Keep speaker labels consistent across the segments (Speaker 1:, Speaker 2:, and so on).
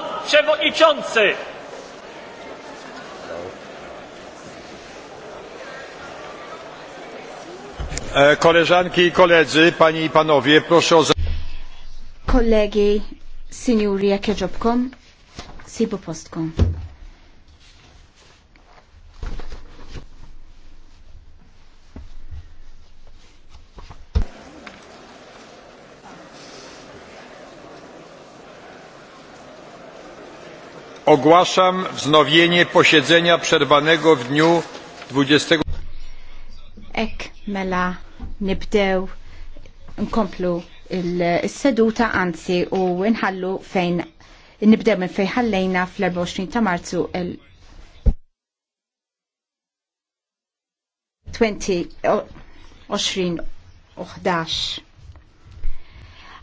Speaker 1: Pan Przewodniczący! E, koleżanki i koledzy, panie i panowie, proszę o... Kolegi, seniori, jakie ġobkom? Sibu postkom. Ogłaszam wznowienie posiedzenia przerwanego w dniu 20. Ek mela nibdew nkomplu il-seduta anzi u nħallu fejn nibdew minn fejn ħallejna fl-24 ta' Marzu il 20 11.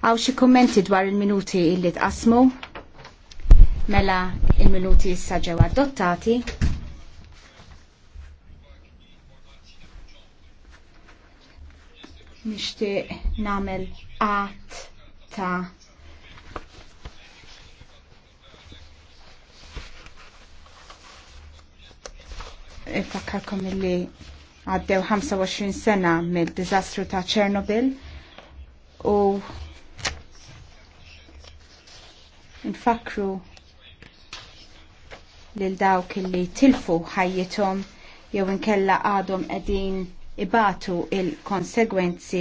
Speaker 1: Għaw xie kommenti dwar il-minuti illi tqasmu? Mela Il-minuti issa ġew adottati. Nixtieq nagħmel għat ta' Ifakkarkom illi għaddew 25 sena mill-diżastru ta' Chernobyl u nfakru lil dawk li tilfu ħajjithom jew inkella għadhom qegħdin ibatu il-konsegwenzi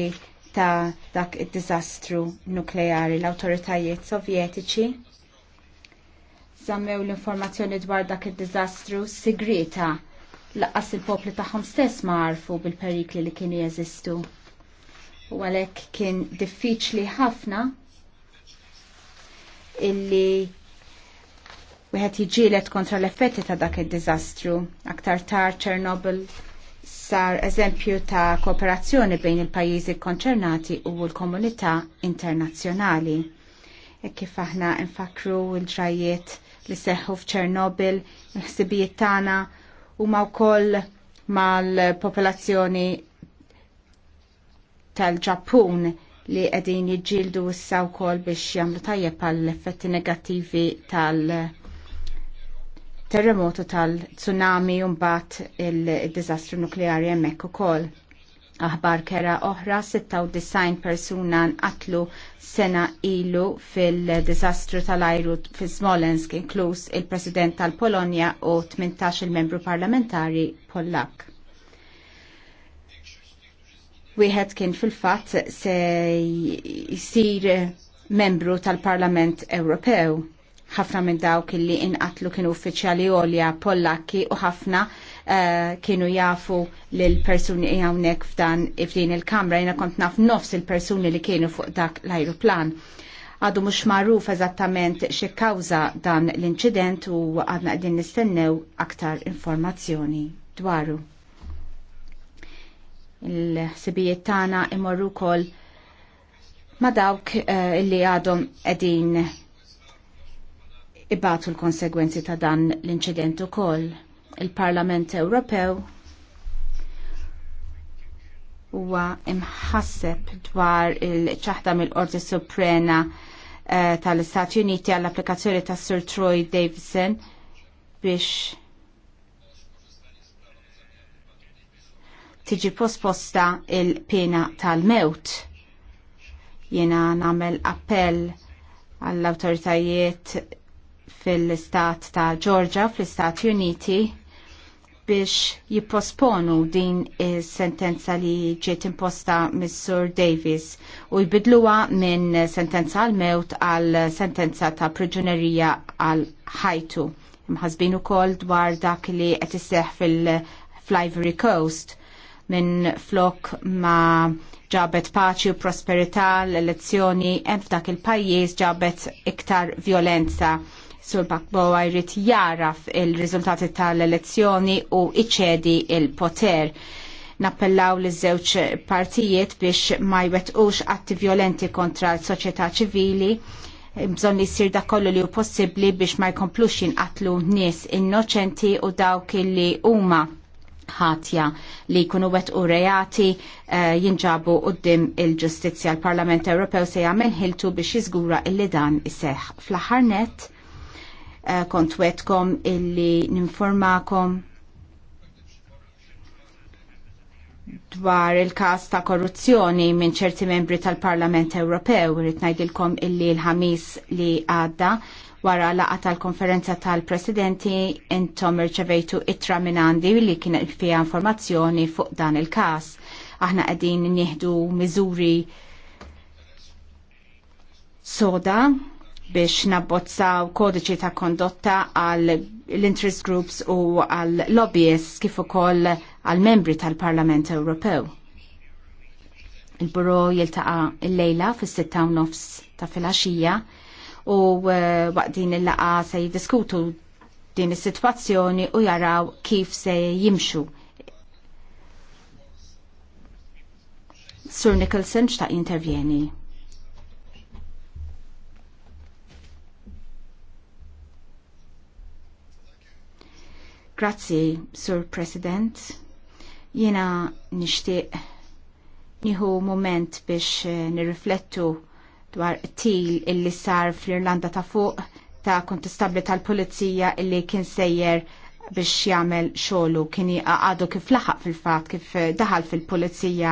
Speaker 1: ta' dak id-diżastru nukleari l-awtoritajiet sovjetiċi zammew l-informazzjoni dwar dak id-diżastru sigreta laqqas il-popli tagħhom stess ma għarfu bil-perikli li kienu jeżistu. U għalhekk kien diffiċli ħafna illi wieħed jiġielet kontra l-effetti ta' dak id-diżastru. Aktar tard Chernobyl sar eżempju ta' kooperazzjoni bejn il-pajjiżi konċernati u l-komunità internazzjonali. E kif aħna nfakru l-ġrajiet li seħħu f'Ċernobil, l-ħsibijiet tagħna huma wkoll mal-popolazzjoni tal-Ġappun li qegħdin jiġġieldu issa wkoll biex jagħmlu tajjeb għall effetti negattivi tal- terremotu tal-tsunami u mbagħad il-diżastru nukleari hemmhekk ukoll. Aħbar kera oħra 96 persuna nqatlu sena ilu fil-diżastru tal-ajru fi Smolensk inkluż il-President tal-Polonja u 18 il-membru parlamentari Pollak. Wieħed kien fil-fatt se jsir membru tal-Parlament Ewropew ħafna minn dawk li inqatlu kienu uffiċjali olja pollakki u ħafna uh, kienu jafu l persuni hawnhekk f'dan f'din il-kamra jiena kont naf nofs il-persuni li kienu fuq dak l-ajruplan. Għadu mhux magħruf eżattament xi kawża dan l-inċident u għadna qegħdin nistennew aktar informazzjoni dwaru. Il-sibijiet tagħna imorru wkoll ma dawk uh, li għadhom qegħdin ibatu l-konsegwenzi ta' dan l-inċident ukoll. Il-Parlament Ewropew huwa imħasseb dwar il-ċaħda mill-Qorti Suprema eh, tal-Istati Uniti għall-applikazzjoni ta' Sir Troy Davison biex tiġi posposta il-pena tal-mewt. Jena namel appell għall-autoritajiet fil-istat ta' Georgia fl-Istati Uniti biex jipposponu din is-sentenza li ġiet imposta mis Sur Davis u jbidluha minn sentenza għal mewt għal sentenza ta' priġunerija għal ħajtu. Imħasbin ukoll dwar dak li qed isseħ fil-Ivory Coast minn flok ma ġabet paċi u prosperità l-elezzjoni hemm f'dak il-pajjiż ġabet iktar violenza Sur Bakbowa jrid jaraf il-riżultati tal-elezzjoni u iċedi il-poter. Nappellaw l żewġ partijiet biex ma jwettqux atti violenti kontra l-soċjetà ċivili bżon li jisir da kollu li hu possibbli biex ma jkomplux jinqatlu nies innoċenti u dawk li huma ħatja li jkunu wet u reati uh, jinġabu qoddim il-ġustizja. L-Parlament Ewropew se jagħmel ħiltu biex jiżgura illi dan iseħħ. Fl-aħħar Eh, kont wetkom illi ninformakom dwar il-kas ta' korruzzjoni minn ċerti membri tal-Parlament Ewropew, rrit ngħidilkom illi l-ħamis li għadda wara laqa tal-konferenza tal-presidenti intom irċevejtu itra minn għandi li kien fija informazzjoni fuq dan il-kas. Aħna qegħdin nieħdu miżuri soda biex nabbozzaw kodiċi ta' kondotta għal l-interest groups u għal lobbyists kif ukoll għal membri tal-Parlament Ewropew. Il-buro jiltaqa il-lejla fis-sitta u nofs ta' filgħaxija u uh, waqt din il-laqa se jiddiskutu din is-sitwazzjoni u jaraw kif se jimxu. Sur Nicholson xtaq jintervjeni. Grazzi, Sur President. Jena nishtiq nieħu moment biex eh, nirriflettu dwar til illi sar fl-Irlanda ta' fuq ta' kontestabli tal-Polizija illi kien sejjer biex jagħmel xogħlu kien għadu kif laħaq fil-fatt kif eh, daħal fil-Pulizija